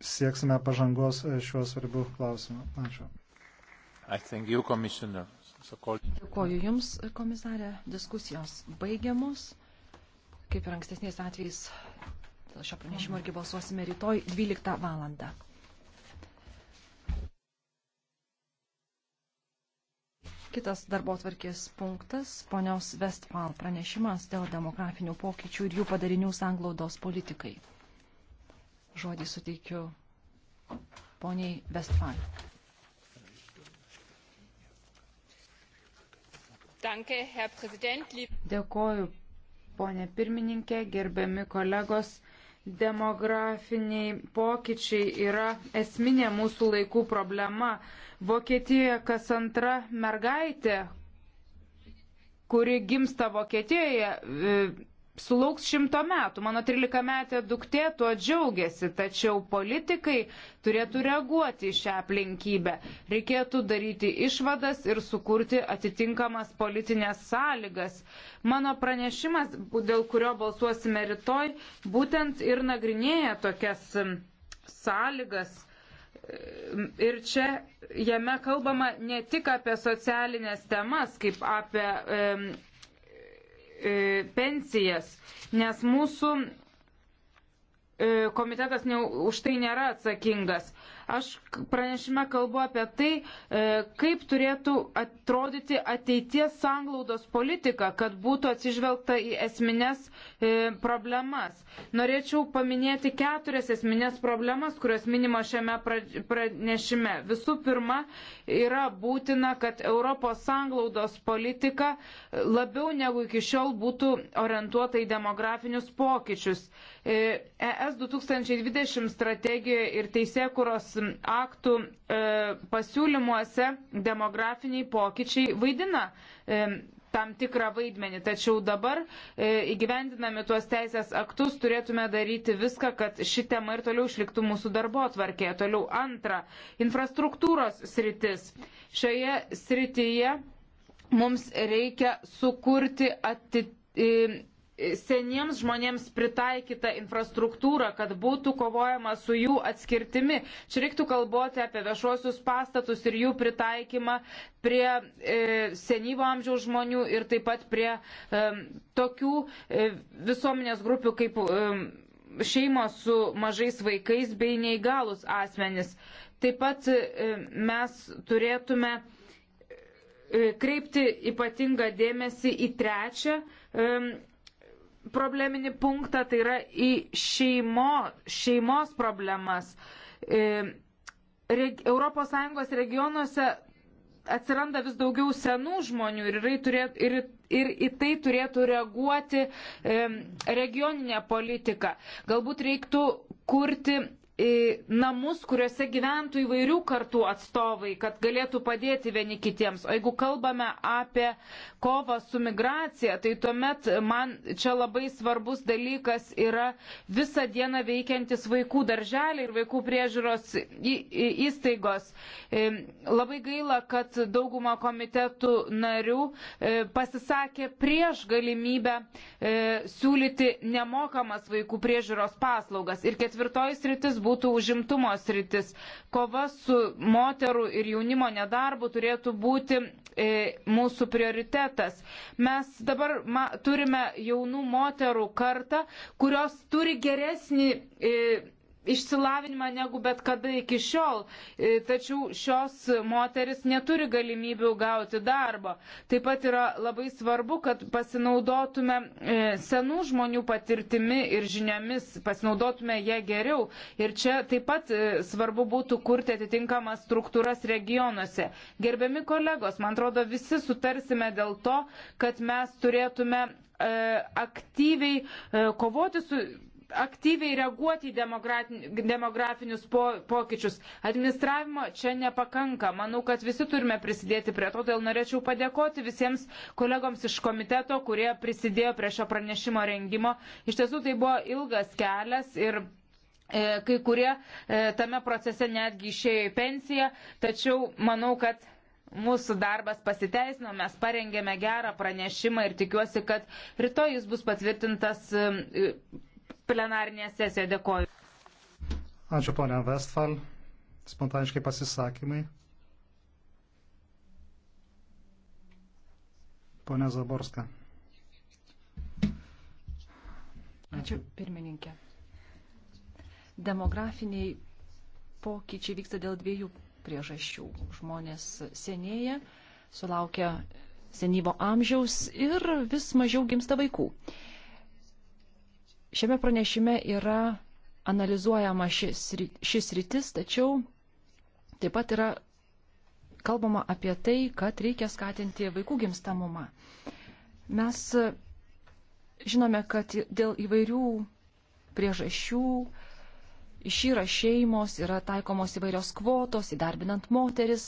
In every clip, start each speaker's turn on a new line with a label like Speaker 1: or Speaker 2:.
Speaker 1: sieksime pažangos e, šiuo svarbiu klausimu. Ačiū. You, Dėkuoju
Speaker 2: Jums, komisarė. Diskusijos baigiamos. Kaip ir ankstesniais atvejais, dėl šio pranešimo irgi balsuosime rytoj 12 valandą. Kitas darbo atvarkės punktas - ponios Westfall pranešimas dėl demografinių pokyčių ir jų padarinių sanglaudos politikai žodį suteikiu poniai Westfal.
Speaker 3: Dėkoju, ponė pirmininkė, gerbiami kolegos. Demografiniai pokyčiai yra esminė mūsų laikų problema. Vokietijoje kas antra mergaitė, kuri gimsta Vokietijoje, e, sulauks šimto metų. Mano 13-metė duktė tuo džiaugiasi, tačiau politikai turėtų reaguoti į šią aplinkybę. Reikėtų daryti išvadas ir sukurti atitinkamas politinės sąlygas. Mano pranešimas, dėl kurio balsuosime rytoj, būtent ir nagrinėja tokias sąlygas. Ir čia jame kalbama ne tik apie socialinės temas, kaip apie e, E, pensijas, nes mūsų e, komitetas už tai nėra atsakingas. Aš pranešime kalbu apie tai, e, kaip turėtų atrodyti ateities sanglaudos politika, kad būtų atsižvelgta į esminės e, problemas. Norėčiau paminėti keturias esminės problemas, kurios minimo šiame pranešime. Visų pirma, yra būtina, kad Europos sanglaudos politika e, labiau negu iki šiol būtų orientuota į demografinius pokyčius. ES 2020 strategijoje ir teisėkuros aktų e, pasiūlymuose demografiniai pokyčiai vaidina e, tam tikrą vaidmenį. Tačiau dabar e, įgyvendinami tuos teisės aktus turėtume daryti viską, kad ši tema ir toliau išliktų mūsų darbo atvarkėje. Toliau antra, infrastruktūros sritis. Šioje srityje mums reikia sukurti atitikimą e, seniems žmonėms pritaikytą infrastruktūrą, kad būtų kovojama su jų atskirtimi. Čia reiktų kalboti apie viešuosius pastatus ir jų pritaikymą prie e, senyvo amžiaus žmonių ir taip pat prie e, tokių e, visuomenės grupių kaip e, šeimos su mažais vaikais bei neįgalus asmenis. Taip pat e, mes turėtume e, kreipti ypatingą dėmesį į trečią e, probleminį punktą, tai yra į šeimo, šeimos problemas. ES regionuose atsiranda vis daugiau senų žmonių ir, turėtų, ir, ir į tai turėtų reaguoti e, regioninė politika. Galbūt reiktų kurti namus, kuriuose gyventų įvairių kartų atstovai, kad galėtų padėti vieni kitiems. O jeigu kalbame apie kovą su migracija, tai tuomet man čia labai svarbus dalykas yra visą dieną veikiantis vaikų darželiai ir vaikų priežiūros įstaigos. E, labai gaila, kad dauguma komitetų narių e, pasisakė prieš galimybę e, siūlyti nemokamas vaikų priežiūros paslaugas. Ir ketvirtoji sritis būtų būtų užimtumo sritis. Kova su moterų ir jaunimo nedarbu turėtų būti e, mūsų prioritetas. Mes dabar ma, turime jaunų moterų kartą, kurios turi geresnį. E, išsilavinimą negu bet kada iki šiol, e, tačiau šios moteris neturi galimybių gauti darbo. Taip pat yra labai svarbu, kad pasinaudotume e, senų žmonių patirtimi ir žiniomis, pasinaudotume ją geriau. Ir čia taip pat e, svarbu būtų kurti atitinkamas struktūras regionuose. Gerbiami kolegos, man atrodo, visi sutarsime dėl to, kad mes turėtume aktyviai kovoti su aktyviai reaguoti į demografinius po, pokyčius. Administravimo čia nepakanka. Manau, kad visi turime prisidėti prie to, todėl norėčiau padėkoti visiems kolegoms iš komiteto, kurie prisidėjo prie šio pranešimo rengimo. Iš tiesų tai buvo ilgas kelias ir e, kai kurie e, tame procese netgi išėjo į pensiją, tačiau manau, kad mūsų darbas pasiteisino, mes parengėme gerą pranešimą ir tikiuosi, kad rytoj jis bus patvirtintas e, plenarinėje sesijoje. Dėkoju.
Speaker 1: Ačiū ponia Westfal. Spontaniškai pasisakymai. Pone Zaborska.
Speaker 2: Ačiū, pirmininkė. Demografiniai pokyčiai vyksta dėl dviejų priežasčių. Žmonės senėja, sulaukia senyvo amžiaus ir vis mažiau gimsta vaikų. Uh, Šiame pranešime yra analizuojama šis, šis rytis, tačiau taip pat yra kalbama apie tai, kad reikia skatinti vaikų gimstamumą. Mes žinome, kad dėl įvairių priežasčių išyra šeimos, yra taikomos įvairios kvotos, įdarbinant moteris.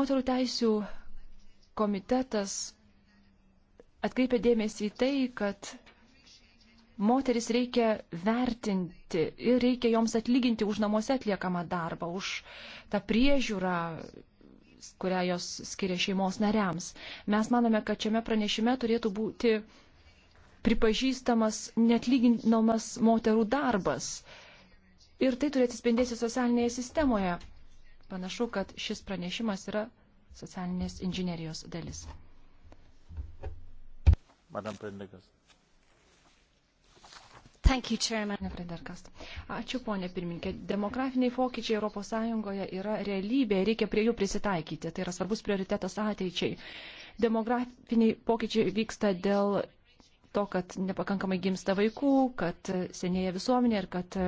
Speaker 2: Moterų teisų komitetas atkreipė dėmesį į tai, kad moteris reikia vertinti ir reikia joms atlyginti už namuose atliekamą darbą, už tą priežiūrą, kurią jos skiria šeimos nariams. Mes manome, kad šiame pranešime turėtų būti pripažįstamas netlyginamas moterų darbas. Ir tai turi atsispindėti socialinėje sistemoje. Panašu, kad šis pranešimas yra socialinės inžinerijos dalis.
Speaker 1: Madam Prendergast.
Speaker 2: Thank you, Chairman. Ačiū, ponė pirmininkė. Demografiniai pokyčiai ES yra realybė, reikia prie jų prisitaikyti. Tai yra svarbus prioritetas ateičiai. Demografiniai pokyčiai vyksta dėl to, kad nepakankamai gimsta vaikų, kad senėja visuomenė ir kad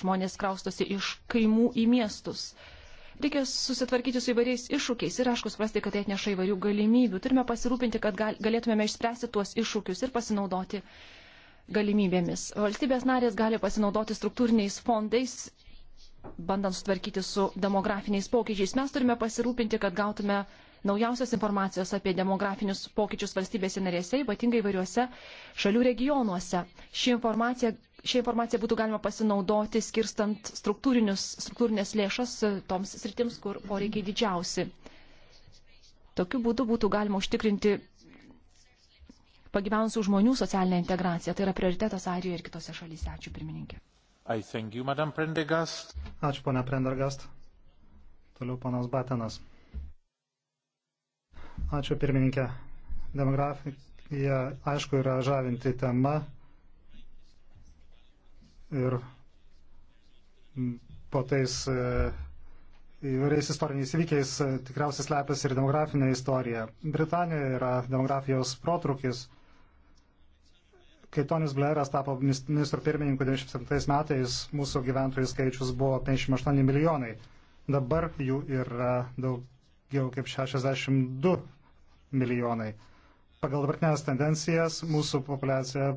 Speaker 2: žmonės kraustosi iš kaimų į miestus. Reikia susitvarkyti su įvairiais iššūkiais ir, aišku, suprasti, kad tai atneša įvairių galimybių. Turime pasirūpinti, kad galėtumėme išspręsti tuos iššūkius ir pasinaudoti galimybėmis. Valstybės narės gali pasinaudoti struktūriniais fondais, bandant sutvarkyti su demografiniais pokyčiais. Mes turime pasirūpinti, kad gautume naujausios informacijos apie demografinius pokyčius valstybėse narėse, ypatingai įvairiuose šalių regionuose. Ši informacija, ši informacija būtų galima pasinaudoti skirstant struktūrinės lėšas toms sritims, kur poreikiai didžiausi. Tokiu būdu būtų galima užtikrinti pagyvenusių žmonių socialinę integraciją. Tai yra prioritetas Airijoje ir kitose šalyse. Ačiū, pirmininkė.
Speaker 1: You, Ačiū, ponia Prendergast. Toliau ponas Batenas. Ačiū, pirmininkė. Demografija, aišku, yra žavinti tema. Ir po tais e, įvairiais istoriniais įvykiais e, tikriausiai slepiasi ir demografinė istorija. Britanijoje yra demografijos protrukis kai Tonis Blairas tapo ministru pirmininku 97 metais, mūsų gyventojų skaičius buvo 58 milijonai. Dabar jų yra daugiau kaip 62 milijonai. Pagal dabartinės tendencijas mūsų populiacija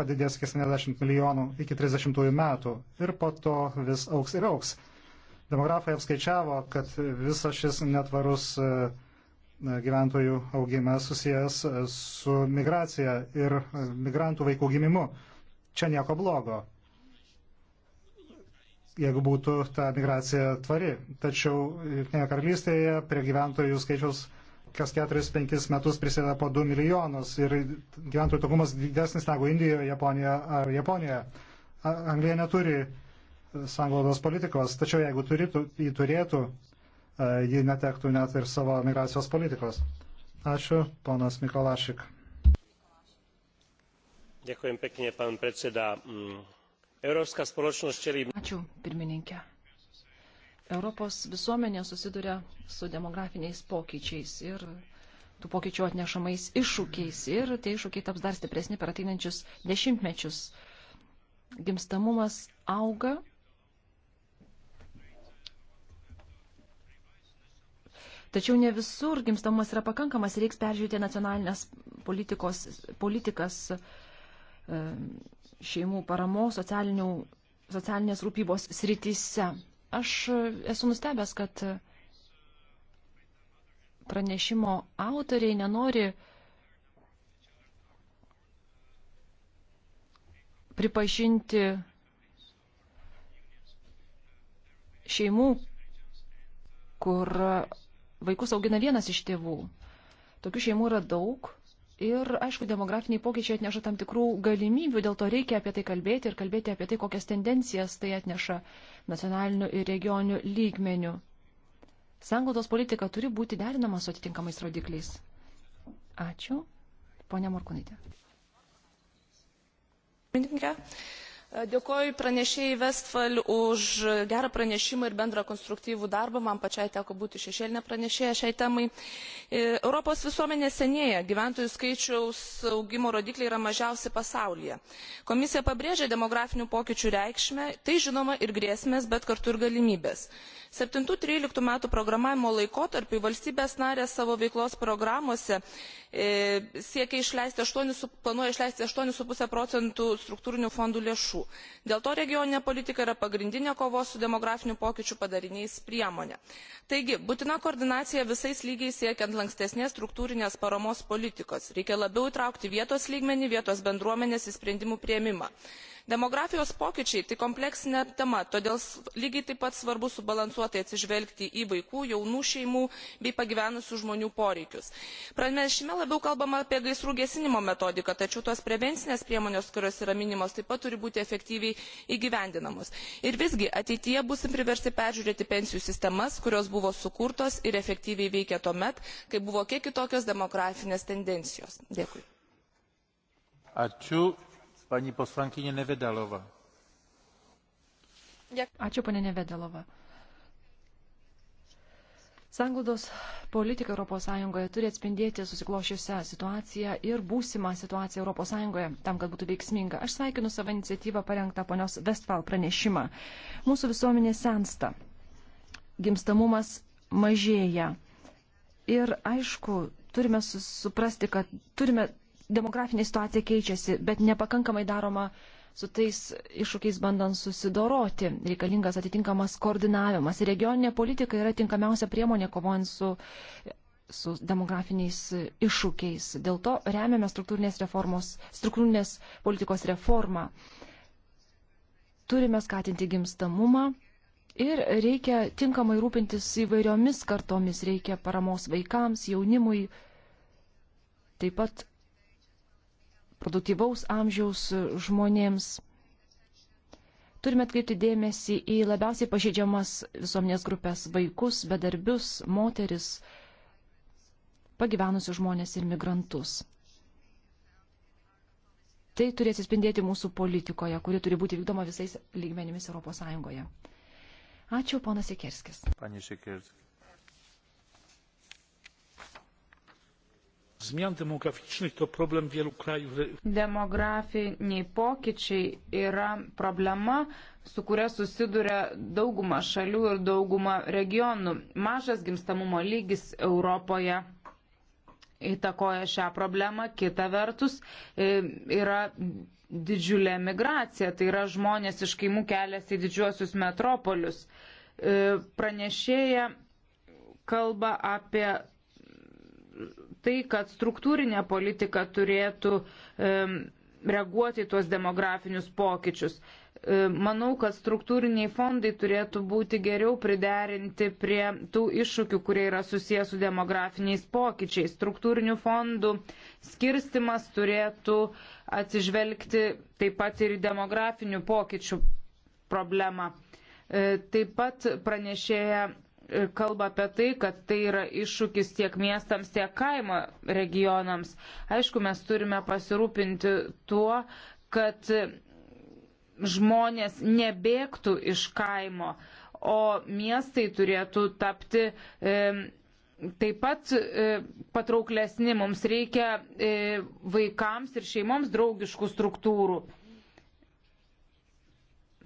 Speaker 1: padidės iki 70 milijonų iki 30 metų ir po to vis auks ir auks. Demografai apskaičiavo, kad visas šis netvarus uh, gyventojų augimas susijęs e, su migracija ir e, migrantų vaikų gimimu. Čia nieko blogo, jeigu būtų ta migracija tvari. Tačiau Junktinėje karalystėje prie gyventojų skaičiaus kas 4-5 metus prisėda po 2 milijonus ir gyventojų tokumas didesnis negu Indijoje, Japonijoje ar Japonijoje. Anglija neturi sanglaudos politikos, tačiau jeigu turėtų, jį turėtų, E, ji netektų net ir savo migracijos politikos. Ačiū, ponas Mikolašik. Ďakujem pekne, pán predseda. Mm, Európska spoločnosť čelí... Ačiū,
Speaker 2: pirmininkė. Europos visuomenė susiduria su demografiniais pokyčiais ir tų pokyčių atnešamais iššūkiais ir tie iššūkiai taps dar stipresni per ateinančius dešimtmečius. Gimstamumas auga Tačiau ne visur gimstamas yra pakankamas, reiks peržiūrėti nacionalinės politikos, politikas e, šeimų paramos socialinės rūpybos srityse. Aš esu nustebęs, kad pranešimo autoriai nenori pripažinti šeimų, kur Vaikus augina vienas iš tėvų. Tokių šeimų yra daug. Ir, aišku, demografiniai pokyčiai atneša tam tikrų galimybių, dėl to reikia apie tai kalbėti ir kalbėti apie tai, kokias tendencijas tai atneša nacionaliniu ir regioniniu lygmeniu. Sanglaudos politika turi būti derinama su atitinkamais rodikliais. Ačiū. Pone Morkūnaitė.
Speaker 4: Pirmininkė, Dėkoju pranešėjai Vestfal už gerą pranešimą ir bendrą konstruktyvų darbą. Man pačiai teko būti šešėlinė pranešėja šiai temai. E, Europos visuomenė senėja, gyventojų skaičiaus augimo rodikliai yra mažiausi pasaulyje. Komisija pabrėžia demografinių pokyčių reikšmę, tai žinoma ir grėsmės, bet kartu ir galimybės seven thirteen metų programavimo laikotarpiui valstybės narės savo veiklos programose e, planuoja išleisti aštuoni five procentų struktūrinių fondų lėšų. dėl to regioninė politika yra pagrindinė kovos su demografinių pokyčių padariniais priemonė. taigi būtina koordinacija visais lygiais siekiant lankstesnės struktūrinės paramos politikos reikia labiau įtraukti vietos lygmenį vietos bendruomenes į sprendimų priėmimą demografijos pokyčiai tai kompleksinė tema todėl lygiai taip pat svarbu subalansuotai atsižvelgti į vaikų jaunų šeimų bei pagyvenusių žmonių poreikius. pranešime labiau kalbama apie gaisrų gesinimo metodiką tačiau tos prevencinės priemonės kurios yra minimos taip pat turi būti efektyviai įgyvendinamos. ir visgi ateityje būsime priversti peržiūrėti pensijų sistemas kurios buvo sukurtos ir efektyviai veikė tuomet kai buvo kiek kitokios demografinės tendencijos. dėkui.
Speaker 1: Ačiū. Pani poslankinė Nevedalova.
Speaker 2: Ačiū, ponė Nevedalova. Sanglaudos politika ES turi atspindėti susiklošiusią situaciją ir būsimą situaciją ES tam, kad būtų veiksminga. Aš sveikinu savo iniciatyvą parengtą ponios Westfal pranešimą. Mūsų visuomenė sensta, gimstamumas mažėja. Ir aišku, turime suprasti, kad turime demografinė situacija keičiasi, bet nepakankamai daroma su tais iššūkiais bandant susidoroti. Reikalingas atitinkamas koordinavimas. Regioninė politika yra tinkamiausia priemonė kovojant su su demografiniais iššūkiais. Dėl to remiame struktūrinės, reformos, struktūrinės politikos reformą. Turime skatinti gimstamumą ir reikia tinkamai rūpintis įvairiomis kartomis, reikia paramos vaikams, jaunimui, taip pat produktyvaus amžiaus žmonėms. Turime atkreipti dėmesį į labiausiai pažeidžiamas visuomenės grupės - vaikus, bedarbius, moteris, pagyvenusius žmonės ir migrantus. Tai turi atsispindėti mūsų politikoje, kuri turi būti vykdoma visais lygmenimis ES. Ačiū, ponas Sikerskis.
Speaker 1: Panie Sikerskis. Zmian demograficznych to problem wielu krajów.
Speaker 3: Demografiniai pokyčiai yra problema, su kuria susiduria dauguma šalių ir dauguma regionų. Mažas gimstamumo lygis Europoje įtakoja šią problemą. Kita vertus e, yra didžiulė migracija, tai yra žmonės iš kaimų keliasi į didžiuosius metropolius. E, pranešėja kalba apie tai, kad struktūrinė politika turėtų reaguoti į tuos demografinius pokyčius. Manau, kad struktūriniai fondai turėtų būti geriau priderinti prie tų iššūkių, kurie yra susijęs su demografiniais pokyčiais. Struktūrinių fondų skirstimas turėtų atsižvelgti taip pat ir į demografinių pokyčių problemą. E, taip pat pranešėja kalba apie tai, kad tai yra iššūkis tiek miestams, tiek kaimo regionams. Aišku, mes turime pasirūpinti tuo, kad žmonės nebėgtų iš kaimo, o miestai turėtų tapti e, taip pat e, patrauklesni. Mums reikia e, vaikams ir šeimoms draugiškų struktūrų.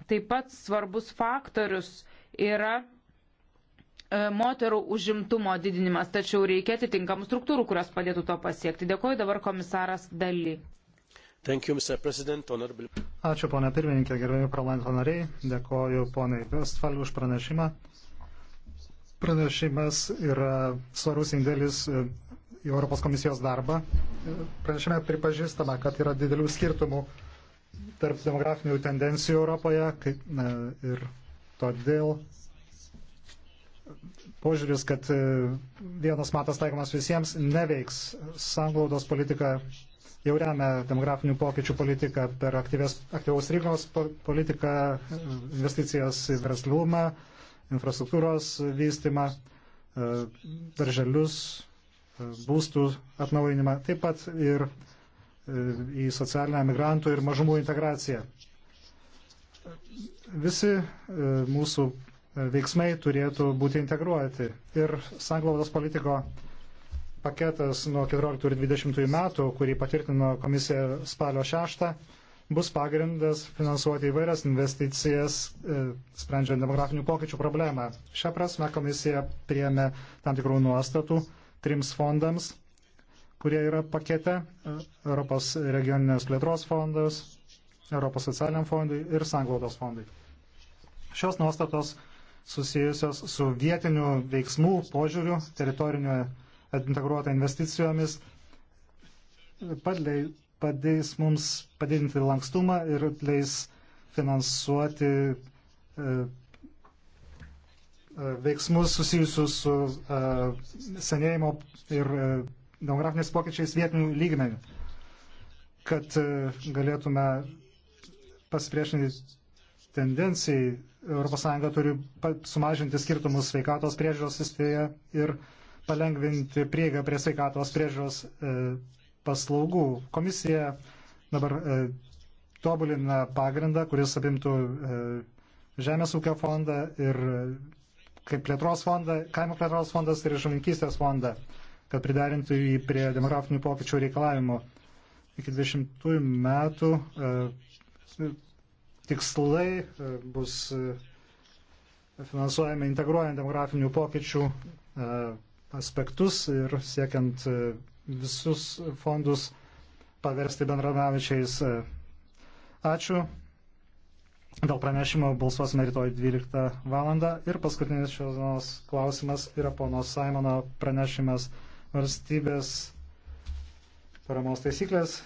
Speaker 3: Taip pat svarbus faktorius yra E, moterų užimtumo didinimas, tačiau reikia atitinkamų struktūrų, kurios padėtų to pasiekti. Dėkuoju dabar komisaras Dali.
Speaker 2: You,
Speaker 1: Ačiū, ponia pirmininkė, gerbėjai parlamento nariai, dėkoju poniai Vestfaliu už pranešimą. Pranešimas yra svarus indėlis e, į Europos komisijos darbą. E, pranešime pripažįstama, kad yra didelių skirtumų tarp demografinių tendencijų Europoje kaip, na, ir todėl požiūris, kad e, vienas matas taikomas visiems, neveiks. Sanglaudos politika jau remia demografinių pokyčių politiką per aktyvės, aktyvaus rinkos politiką, investicijas į verslumą, infrastruktūros vystimą, e, darželius, e, būstų atnaujinimą, taip pat ir į socialinę migrantų ir mažumų integraciją. Visi mūsų veiksmai turėtų būti integruoti. Ir sanglaudos politiko paketas nuo 14 ir 20 metų, kurį patvirtino komisija spalio 6, bus pagrindas finansuoti įvairias investicijas, e, sprendžiant demografinių pokyčių problemą. Šią prasme komisija priėmė tam tikrų nuostatų trims fondams, kurie yra pakete e, Europos regioninės plėtros fondas, Europos socialiniam fondui ir sanglaudos fondui. Šios nuostatos susijusios su vietiniu veiksmų požiūriu, teritorinio integruotą investicijomis, padės mums padidinti lankstumą ir leis finansuoti e, e, veiksmus susijusius su e, senėjimo ir demografiniais pokyčiais vietinių lygmenių, kad galėtume pasipriešinti tendencijai ES turi sumažinti skirtumus sveikatos priežiūros sistėje ir palengvinti prieigą prie sveikatos priežiūros e, paslaugų. Komisija dabar e, tobulina pagrindą, kuris apimtų e, Žemės ūkio fondą ir kaip plėtros fondą, kaimo plėtros fondas ir žuvinkystės fondą, kad priderintų jį prie demografinių pokyčių reikalavimų. Iki 20 metų tikslai e, bus e, finansuojami integruojant demografinių pokyčių e, aspektus ir siekiant visus fondus paversti bendradavičiais. Ačiū. Dėl pranešimo balsuosime rytoj 12 val. Ir paskutinis šios dienos klausimas yra pono Simono pranešimas valstybės paramos taisyklės